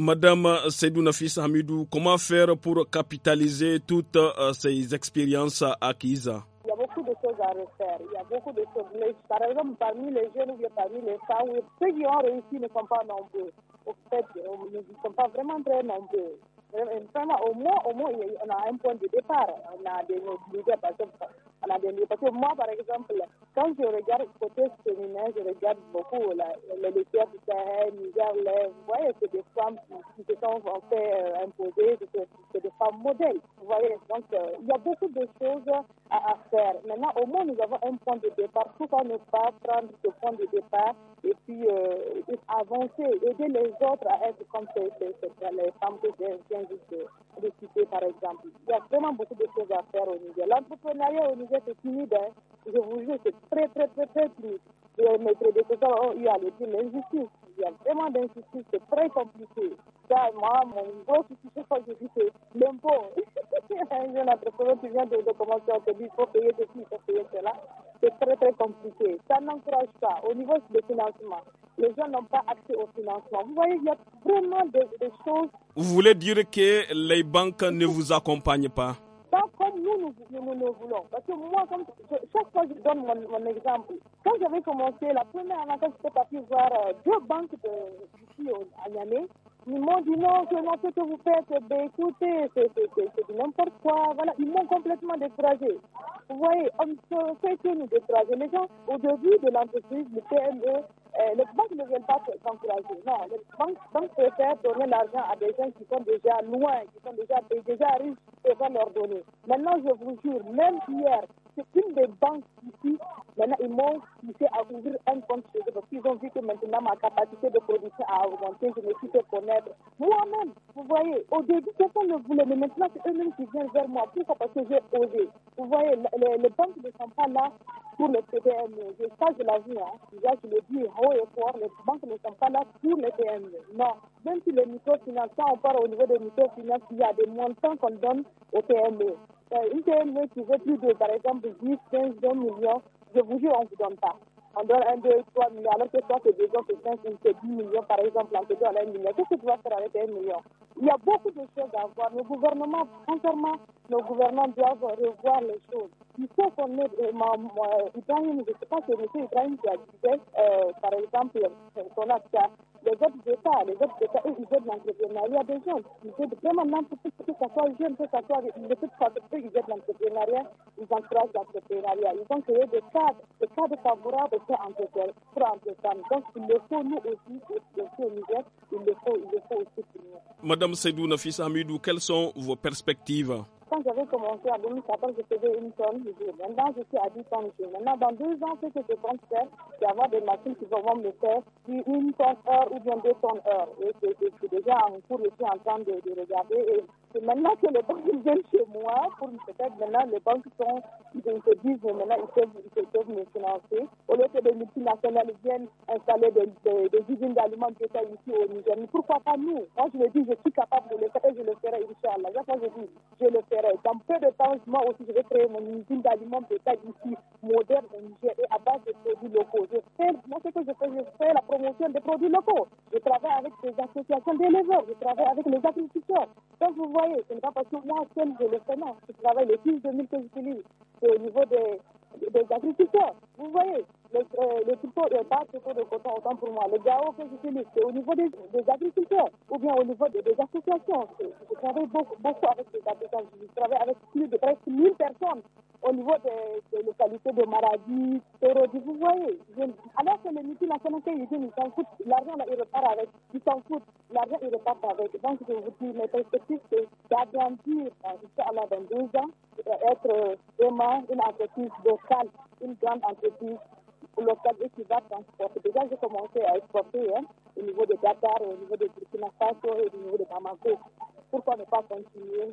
Madame Seydou Nafis Hamidou, comment faire pour capitaliser toutes euh, ces expériences acquises il y a beaucoup de choses à refaire. Il y a beaucoup de choses. par exemple, parmi les jeunes ou parmi les femmes, ceux qui ont réussi ne sont pas nombreux. Au fait, ils ne sont pas vraiment très nombreux au moins, au moins, on a un point de départ. On a des par exemple. On a des Parce que moi, par exemple, quand je regarde côté féminin, je regarde beaucoup les leaders du Sahel, Niger, les, vous voyez, c'est des femmes qui, se sont fait euh, imposées imposer, c'est des femmes modèles. Vous voyez, donc, euh, il y a beaucoup de choses à, à, faire. Maintenant, au moins, nous avons un point de départ. Pourquoi ne pas prendre ce point de départ et puis euh, avancer, aider les autres à être comme ces, les femmes que j'ai viens juste de, citer par exemple. Il y a vraiment beaucoup de choses à faire au niveau L'entrepreneuriat au niveau c'est timide, hein. je vous jure, c'est très très très très timide et mes prédécesseurs ont eu à le dire, l'injustice. Il y a vraiment d'injustice, c'est très compliqué. Ça, moi, mon gros souci, c'est que je c'est l'impôt. Un hein, jeune entrepreneur qui vient de, de commencer, on te dit, il faut payer ceci, il faut payer cela. C'est très, très compliqué. Ça n'encourage pas. Au niveau des financements, les gens n'ont pas accès au financement. Vous voyez, il y a vraiment des, des choses. Vous voulez dire que les banques ne vous accompagnent pas pas comme nous, nous, voulons. Parce que moi, comme, chaque fois que je donne mon, mon exemple, quand j'avais commencé, la première année, j'étais parti voir euh, deux banques de, ici à Niamey, ils m'ont dit non, que ce que vous faites, eh ben écoutez, c'est n'importe quoi. Voilà, ils m'ont complètement découragé. Vous voyez, on se fait que nous décourager. Les gens, au début de l'entreprise, le PME, eh, les banques ne viennent pas s'encourager. Non, les banques, banques préfèrent donner l'argent à des gens qui sont déjà loin, qui sont déjà, déjà riches, et vont leur donner. Maintenant, je vous jure, même hier, c'est une des banques ici, maintenant, ils m'ont poussé à ouvrir un compte chez eux parce qu'ils ont vu que maintenant ma capacité de production a augmenté. Je ne suis pas connaître moi-même, vous voyez, au début, personne ne voulait, mais maintenant, c'est eux-mêmes qui viennent vers moi. Pourquoi Parce que j'ai osé. Vous voyez, les, banques ne sont pas là pour les PME. Je, ça, je l'ai vu. Hein. je le dis haut et fort, les banques ne sont pas là pour les PME. Non. Même si les microfinances, quand on parle au niveau des microfinances, il y a des montants qu'on donne aux PME. Euh, une PME qui veut plus de, par exemple, 10, 15, 20 millions, je vous jure, on ne vous donne pas on donne 1, 2, 3 millions, alors que toi, c'est 2 millions, c'est 5, c'est 10 millions, par exemple, on te donne 1 million. Qu'est-ce que tu vas faire avec 1 million Il y a beaucoup de choses à voir. Nos gouvernements, sincèrement, nos gouvernements doivent revoir les choses. Il faut qu'on ait vraiment, Ibrahim, je ne sais pas si M. Ibrahim qui a dit, euh, par exemple, qu'on a hein, les autres États, les autres États, ils aident l'entrepreneuriat des jeunes. Ils aident vraiment l'entreprise, que ce soit jeune, que ce soit les petites entreprises, ils aident l'entrepreneuriat, ils encouragent l'entrepreneuriat. Ils ont créé des cadres, des cadres favorables entre elles, pour entre entreprendre. Donc il le faut nous aussi, aussi au Niger, il le faut, il le faut aussi pour nous. Madame Seydou Nafis Amidou, quelles sont vos perspectives quand j'avais commencé à 2014, je faisais une tonne de jour. Maintenant, je suis à 10 tonnes de jour. Maintenant, dans deux ans, ce que je compte faire, c'est avoir des machines qui vont me faire une tonne heure ou bien deux tonnes heure. Et suis déjà en cours, je suis en train de, de regarder. Et maintenant que les banques viennent chez moi pour peut-être maintenant les banques sont, ils se disent maintenant ils peuvent, peuvent me financer. Au lieu que des multinationales viennent installer des, des, usines d'aliments de taille ici au Niger. pourquoi pas nous Moi je me dis je suis capable de le faire et je le ferai, Inch'Allah. je dis je le ferai. Dans peu de temps, moi aussi je vais créer mon usine d'aliments de taille ici, moderne au Niger et à base de produits locaux. Je fais, moi ce que je fais, je fais la promotion des produits locaux. Je travaille avec les associations des d'éleveurs, je travaille avec les agriculteurs. vous c'est une pas le hein, travaille depuis au niveau des des agriculteurs. Vous voyez, le euh, tuto n'est pas plutôt de coton, autant pour moi. le gao que j'utilise, c'est au niveau des, des, agriculteurs ou bien au niveau des, associations. Je travaille beaucoup, beaucoup avec les agriculteurs, Je travaille avec plus de presque 1000 personnes au niveau des, localités de Maradi, Torodi. Vous voyez, alors que les multinationales, ils disent, ils s'en foutent. L'argent, il repart avec. Ils s'en foutent. L'argent, il repart avec. Donc, je vous dis, mes perspectives, c'est d'agrandir, jusqu'à euh, à dans deux ans, être vraiment une entreprise locale, une grande entreprise locale et qui va transporter. Déjà, j'ai commencé à exporter hein, au niveau de Dakar, au niveau de Burkina Faso et au niveau de Bamako pourquoi ne pas continuer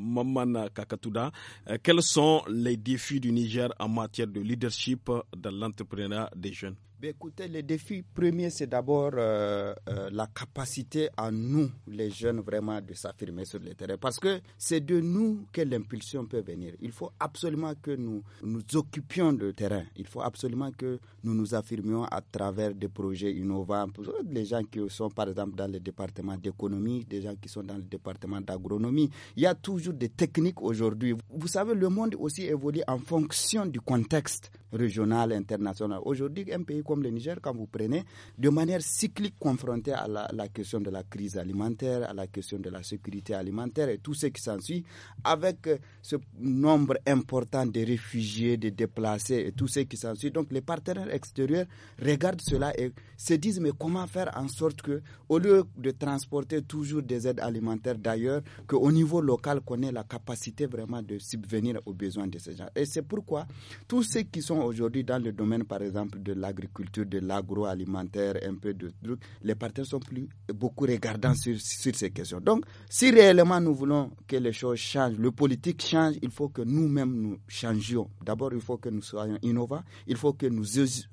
Maman Kakatouda, euh, quels sont les défis du Niger en matière de leadership dans l'entrepreneuriat des jeunes ben, Écoutez, les défis premier, c'est d'abord euh, euh, la capacité à nous, les jeunes, vraiment de s'affirmer sur le terrain. Parce que c'est de nous que l'impulsion peut venir. Il faut absolument que nous nous occupions du terrain. Il faut absolument que nous nous affirmions à travers des projets innovants. les gens qui sont, par exemple, dans le département d'économie, des gens qui sont dans le département d'agronomie. Il y a toujours des techniques aujourd'hui. Vous savez, le monde aussi évolue en fonction du contexte régional international. Aujourd'hui, un pays comme le Niger, quand vous prenez, de manière cyclique confronté à la, question de la crise alimentaire, à la question de la sécurité alimentaire et tout ce qui s'ensuit, avec euh, ce nombre important de réfugiés, de déplacés et tout ce qui s'ensuit. Donc les partenaires extérieurs regardent cela et se disent mais comment faire en sorte que, au lieu de transporter toujours des aides alimentaires d'ailleurs, qu'au niveau local, qu'on ait la capacité vraiment de subvenir aux besoins de ces gens. Et c'est pourquoi tous ceux qui sont aujourd'hui dans le domaine, par exemple, de l'agriculture, de l'agroalimentaire, un peu de trucs, les partenaires sont plus beaucoup regardants sur, sur, ces questions. Donc, si réellement nous voulons que les choses changent, le politique change, il faut que nous-mêmes nous changions. D'abord, il faut que nous soyons innovants, il faut que nous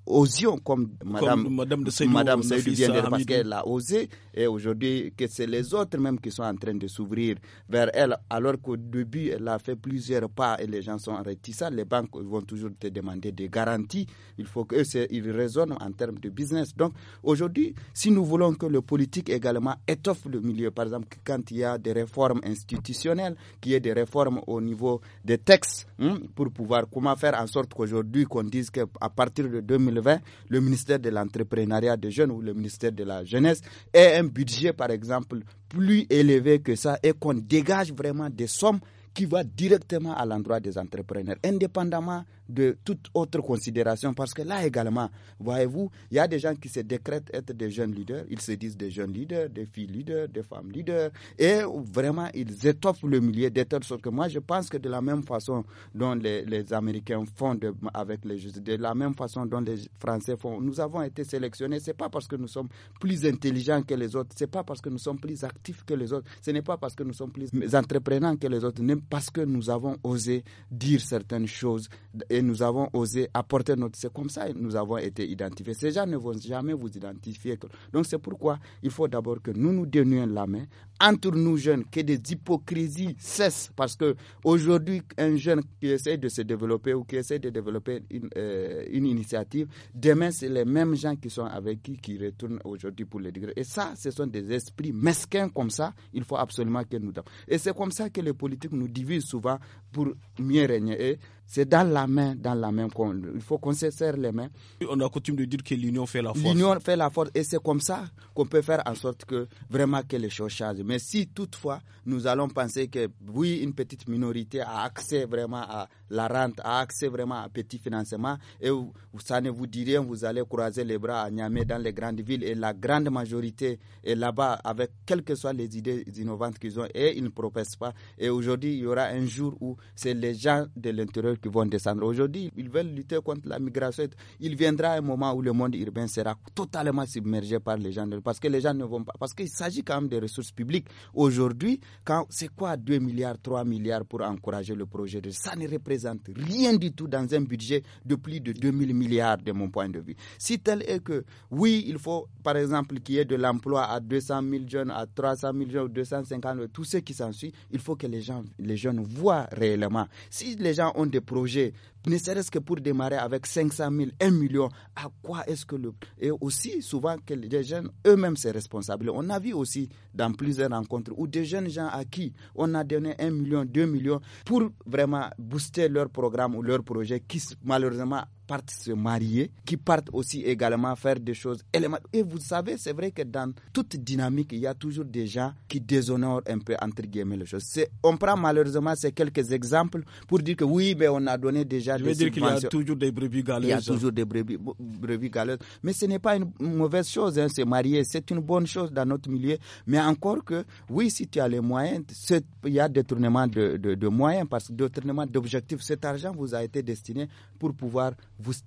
osions, comme Madame, Madame de Seydou, Madame vient de parce qu'elle a osé, et aujourd'hui, que c'est les autres même qui sont en train de s'ouvrir vers elle, alors qu'au début, elle a fait plusieurs pas et les gens sont réticents, les banques vont toujours te demander des garanties, il faut qu'ils raisonnent en termes de business. Donc aujourd'hui, si nous voulons que le politique également étoffe le milieu, par exemple quand il y a des réformes institutionnelles, qu'il y ait des réformes au niveau des textes, hein, pour pouvoir comment faire en sorte qu'aujourd'hui qu'on dise qu'à partir de 2020, le ministère de l'entrepreneuriat des jeunes ou le ministère de la jeunesse ait un budget par exemple plus élevé que ça et qu'on dégage vraiment des sommes qui vont directement à l'endroit des entrepreneurs, indépendamment de toute autre considération. Parce que là également, voyez-vous, il y a des gens qui se décrètent être des jeunes leaders. Ils se disent des jeunes leaders, des filles leaders, des femmes leaders. Et vraiment, ils étoffent le milieu de telle sorte que moi, je pense que de la même façon dont les, Américains font avec les de la même façon dont les Français font, nous avons été sélectionnés. Ce n'est pas parce que nous sommes plus intelligents que les autres. Ce n'est pas parce que nous sommes plus actifs que les autres. Ce n'est pas parce que nous sommes plus entreprenants que les autres. Même parce que nous avons osé dire certaines choses et nous avons osé apporter notre. C'est comme ça nous avons été identifiés. Ces gens ne vont jamais vous identifier. Donc c'est pourquoi il faut d'abord que nous nous donnions la main entre nous jeunes, que des hypocrisies cessent. Parce que aujourd'hui, un jeune qui essaie de se développer ou qui essaie de développer une, euh, initiative, demain, c'est les mêmes gens qui sont avec qui qui retournent aujourd'hui pour les degrés Et ça, ce sont des esprits mesquins comme ça. Il faut absolument que nous Et c'est comme ça que les politiques nous divisent souvent pour mieux régner. Et c'est dans la main, dans la main qu'on. Il faut qu'on se serre les mains. On a coutume de dire que l'union fait la force. L'union fait la force. Et c'est comme ça qu'on peut faire en sorte que vraiment que les choses changent. Mais si toutefois nous allons penser que oui, une petite minorité a accès vraiment à la rente, a accès vraiment à petit financement, et ça ne vous dit rien, vous allez croiser les bras à Niamey dans les grandes villes, et la grande majorité est là-bas avec quelles que soient les idées innovantes qu'ils ont, et ils ne progressent pas. Et aujourd'hui, il y aura un jour où c'est les gens de l'intérieur qui vont descendre. Aujourd'hui, ils veulent lutter contre la migration. Il viendra un moment où le monde urbain sera totalement submergé par les gens, parce que les gens ne vont pas, parce qu'il s'agit quand même des ressources publiques Aujourd'hui, quand c'est quoi 2 milliards, 3 milliards pour encourager le projet de ça ne représente rien du tout dans un budget de plus de 2 000 milliards de mon point de vue. Si tel est que oui, il faut par exemple qu'il y ait de l'emploi à 200 000 jeunes, à 300 000 jeunes, 250 000, tout ce qui s'ensuit, il faut que les gens, les jeunes voient réellement. Si les gens ont des projets, ne serait-ce que pour démarrer avec 500 000, 1 million, à quoi est-ce que le... Et aussi souvent que les jeunes eux-mêmes sont responsables. On a vu aussi dans plusieurs rencontres ou des jeunes gens à qui on a donné un million, 2 millions pour vraiment booster leur programme ou leur projet qui malheureusement partent se marier, qui partent aussi également faire des choses élémentaires. Et vous savez, c'est vrai que dans toute dynamique, il y a toujours des gens qui déshonorent un peu, entre guillemets, les choses. On prend malheureusement ces quelques exemples pour dire que oui, mais ben, on a donné déjà Je dire qu'il y a toujours des brebis galeuses. Il y a toujours des brebis, galeuses. Mais ce n'est pas une mauvaise chose, hein, se marier. C'est une bonne chose dans notre milieu. Mais encore que, oui, si tu as les moyens, il y a détournement de, de, de moyens, parce que détournement d'objectifs. Cet argent vous a été destiné pour pouvoir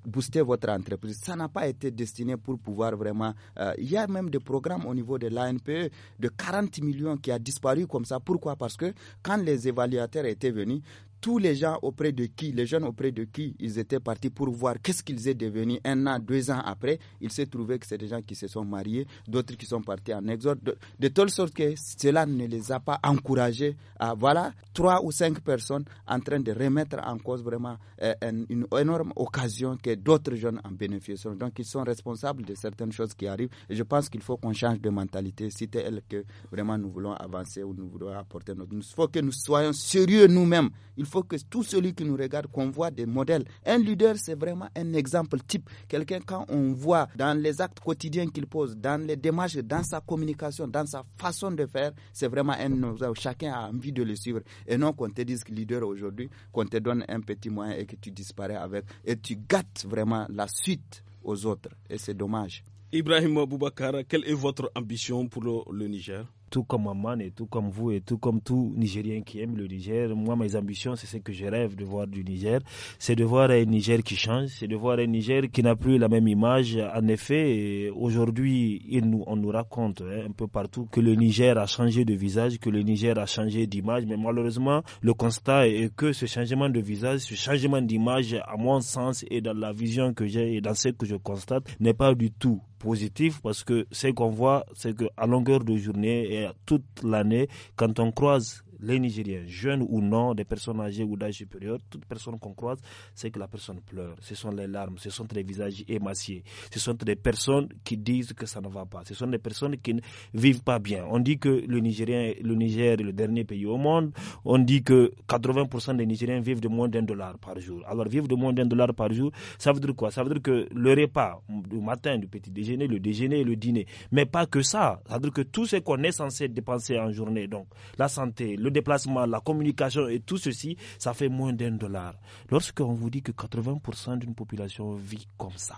booster votre entreprise. Ça n'a pas été destiné pour pouvoir vraiment... Euh, il y a même des programmes au niveau de l'ANPE de 40 millions qui a disparu comme ça. Pourquoi Parce que quand les évaluateurs étaient venus, tous les gens auprès de qui, les jeunes auprès de qui ils étaient partis pour voir qu'est-ce qu'ils étaient devenus un an, deux ans après, il s'est trouvé que c'est des gens qui se sont mariés, d'autres qui sont partis en exode, de, telle sorte que cela ne les a pas encouragés à, voilà, trois ou cinq personnes en train de remettre en cause vraiment euh, une, énorme occasion que d'autres jeunes en bénéficient. Donc ils sont responsables de certaines choses qui arrivent je pense qu'il faut qu'on change de mentalité si c'est elle que vraiment nous voulons avancer ou nous voulons apporter notre... Il faut que nous soyons sérieux nous-mêmes il faut que tout celui qui nous regarde, qu'on voit des modèles. Un leader, c'est vraiment un exemple type. Quelqu'un, quand on voit dans les actes quotidiens qu'il pose, dans les démarches, dans sa communication, dans sa façon de faire, c'est vraiment un. Chacun a envie de le suivre. Et non qu'on te dise que leader aujourd'hui, qu'on te donne un petit moyen et que tu disparais avec. Et tu gâtes vraiment la suite aux autres. Et c'est dommage. Ibrahim Aboubakar, quelle est votre ambition pour le Niger tout comme Amman et tout comme vous et tout comme tout Nigérien qui aime le Niger. Moi, mes ambitions, c'est ce que je rêve de voir du Niger. C'est de voir un Niger qui change, c'est de voir un Niger qui n'a plus la même image. En effet, aujourd'hui, nous, on nous raconte hein, un peu partout que le Niger a changé de visage, que le Niger a changé d'image. Mais malheureusement, le constat est que ce changement de visage, ce changement d'image, à mon sens et dans la vision que j'ai et dans ce que je constate, n'est pas du tout positif parce que ce qu'on voit, c'est qu'à longueur de journée et toute l'année, quand on croise les Nigériens, jeunes ou non, des personnes âgées ou d'âge supérieur, toute personne qu'on croise, c'est que la personne pleure. Ce sont les larmes, ce sont les visages émaciés. Ce sont des personnes qui disent que ça ne va pas. Ce sont des personnes qui ne vivent pas bien. On dit que le, Nigérien, le Niger est le dernier pays au monde. On dit que 80% des Nigériens vivent de moins d'un dollar par jour. Alors, vivre de moins d'un dollar par jour, ça veut dire quoi Ça veut dire que le repas du matin, du petit déjeuner, le déjeuner et le dîner, mais pas que ça. Ça veut dire que tout ce qu'on est censé dépenser en journée, donc la santé, le déplacement, la communication et tout ceci, ça fait moins d'un dollar. Lorsqu'on vous dit que 80% d'une population vit comme ça,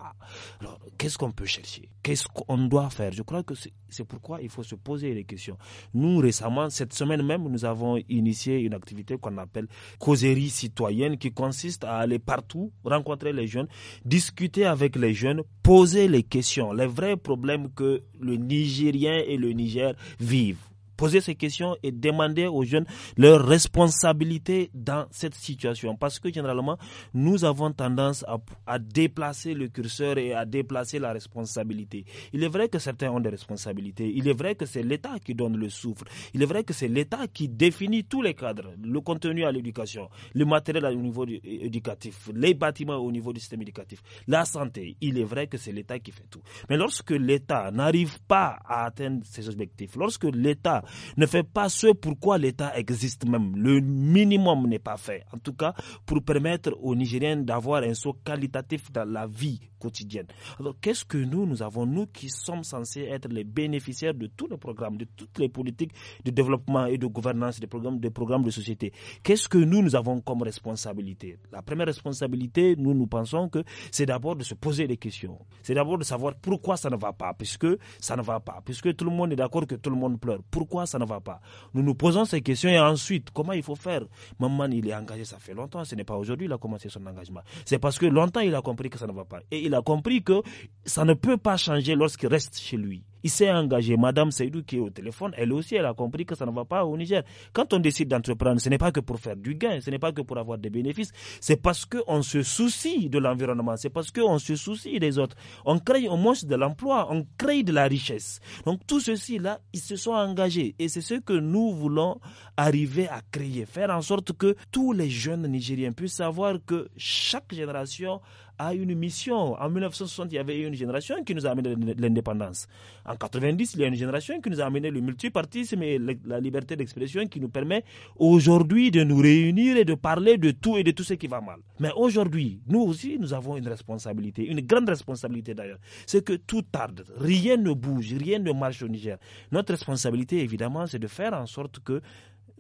alors qu'est-ce qu'on peut chercher Qu'est-ce qu'on doit faire Je crois que c'est pourquoi il faut se poser les questions. Nous, récemment, cette semaine même, nous avons initié une activité qu'on appelle causerie citoyenne qui consiste à aller partout, rencontrer les jeunes, discuter avec les jeunes, poser les questions, les vrais problèmes que le Nigérien et le Niger vivent poser ces questions et demander aux jeunes leur responsabilité dans cette situation. Parce que généralement, nous avons tendance à, déplacer le curseur et à déplacer la responsabilité. Il est vrai que certains ont des responsabilités. Il est vrai que c'est l'État qui donne le souffle. Il est vrai que c'est l'État qui définit tous les cadres, le contenu à l'éducation, le matériel au niveau éducatif, les bâtiments au niveau du système éducatif, la santé. Il est vrai que c'est l'État qui fait tout. Mais lorsque l'État n'arrive pas à atteindre ses objectifs, lorsque l'État ne fait pas ce pourquoi l'État existe même. Le minimum n'est pas fait, en tout cas pour permettre aux Nigériens d'avoir un saut qualitatif dans la vie quotidienne. Alors qu'est-ce que nous, nous avons, nous qui sommes censés être les bénéficiaires de tous les programmes, de toutes les politiques de développement et de gouvernance, des programmes, des programmes de société Qu'est-ce que nous, nous avons comme responsabilité La première responsabilité, nous, nous pensons que c'est d'abord de se poser des questions. C'est d'abord de savoir pourquoi ça ne va pas, puisque ça ne va pas, puisque tout le monde est d'accord que tout le monde pleure. Pourquoi ça ne va pas Nous nous posons ces questions et ensuite, comment il faut faire Maman, il est engagé, ça fait longtemps, ce n'est pas aujourd'hui qu'il a commencé son engagement. C'est parce que longtemps, il a compris que ça ne va pas. Et il a compris que ça ne peut pas changer lorsqu'il reste chez lui. Il s'est engagé. Madame Seydou, qui est au téléphone, elle aussi, elle a compris que ça ne va pas au Niger. Quand on décide d'entreprendre, ce n'est pas que pour faire du gain, ce n'est pas que pour avoir des bénéfices. C'est parce qu'on se soucie de l'environnement, c'est parce qu'on se soucie des autres. On crée au moins de l'emploi, on crée de la richesse. Donc tout ceci, là, ils se sont engagés. Et c'est ce que nous voulons arriver à créer, faire en sorte que tous les jeunes Nigériens puissent savoir que chaque génération a une mission. En 1960, il y avait une génération qui nous a amené l'indépendance. En 1990, il y a une génération qui nous a amené le multipartisme et la liberté d'expression qui nous permet aujourd'hui de nous réunir et de parler de tout et de tout ce qui va mal. Mais aujourd'hui, nous aussi, nous avons une responsabilité, une grande responsabilité d'ailleurs. C'est que tout tarde, rien ne bouge, rien ne marche au Niger. Notre responsabilité, évidemment, c'est de faire en sorte que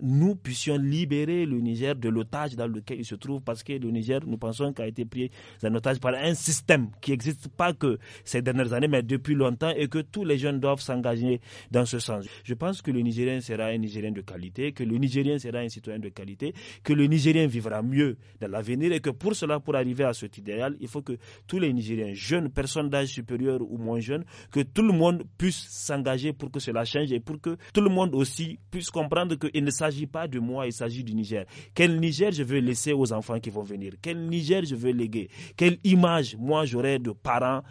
nous puissions libérer le Niger de l'otage dans lequel il se trouve, parce que le Niger, nous pensons, qu'a été pris en otage par un système qui n'existe pas que ces dernières années, mais depuis longtemps, et que tous les jeunes doivent s'engager dans ce sens. Je pense que le Nigérien sera un Nigérien de qualité, que le Nigérien sera un citoyen de qualité, que le Nigérien vivra mieux dans l'avenir, et que pour cela, pour arriver à cet idéal, il faut que tous les Nigériens, jeunes, personnes d'âge supérieur ou moins jeunes, que tout le monde puisse s'engager pour que cela change et pour que tout le monde aussi puisse comprendre qu'il ne s'agit ne s'agit pas de moi, il s'agit du Niger. Quel Niger je veux laisser aux enfants qui vont venir Quel Niger je veux léguer Quelle image moi j'aurai de parents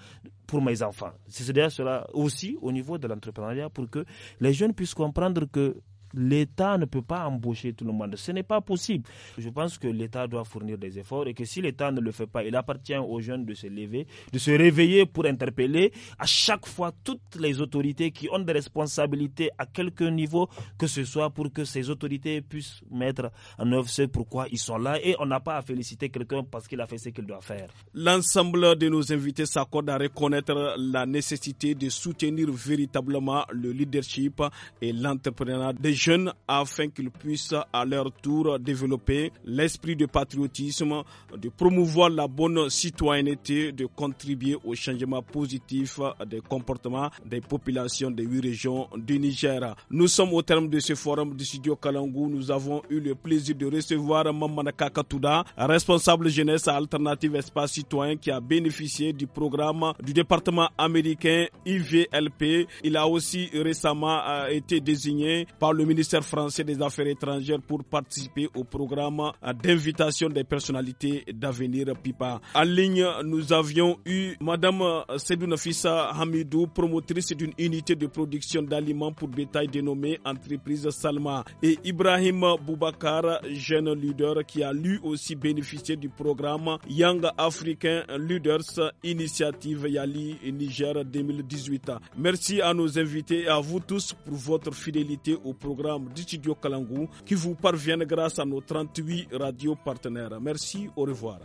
pour mes enfants C'est dire cela aussi au niveau de l'entrepreneuriat pour que les jeunes puissent comprendre que l'État ne peut pas embaucher tout le monde. Ce n'est pas possible. Je pense que l'État doit fournir des efforts et que si l'État ne le fait pas, il appartient aux jeunes de se lever, de se réveiller pour interpeller à chaque fois toutes les autorités qui ont des responsabilités à quelque niveau que ce soit pour que ces autorités puissent mettre en œuvre ce pourquoi ils sont là et on n'a pas à féliciter quelqu'un parce qu'il a fait ce qu'il doit faire. L'ensemble de nos invités s'accordent à reconnaître la nécessité de soutenir véritablement le leadership et l'entrepreneuriat jeunes afin qu'ils puissent à leur tour développer l'esprit de patriotisme, de promouvoir la bonne citoyenneté, de contribuer au changement positif des comportements des populations des huit régions du Niger. Nous sommes au terme de ce forum du studio Kalangou. Nous avons eu le plaisir de recevoir Mamana Kakatouda, responsable jeunesse à Alternative Espace Citoyen qui a bénéficié du programme du département américain IVLP. Il a aussi récemment euh, été désigné par le ministère français des Affaires étrangères pour participer au programme euh, d'invitation des personnalités d'avenir PIPA. En ligne, nous avions eu Madame euh, Sedouna Fissa Hamidou, promotrice d'une unité de production d'aliments pour bétail dénommée Entreprise Salma, et Ibrahim Boubacar, jeune leader qui a lui aussi bénéficié du programme Young African Leaders Initiative Yali Niger 2018. Merci à nos invités et à vous tous pour votre fidélité au programme programme du studio qui vous parviennent grâce à nos 38 radios partenaires. Merci, au revoir.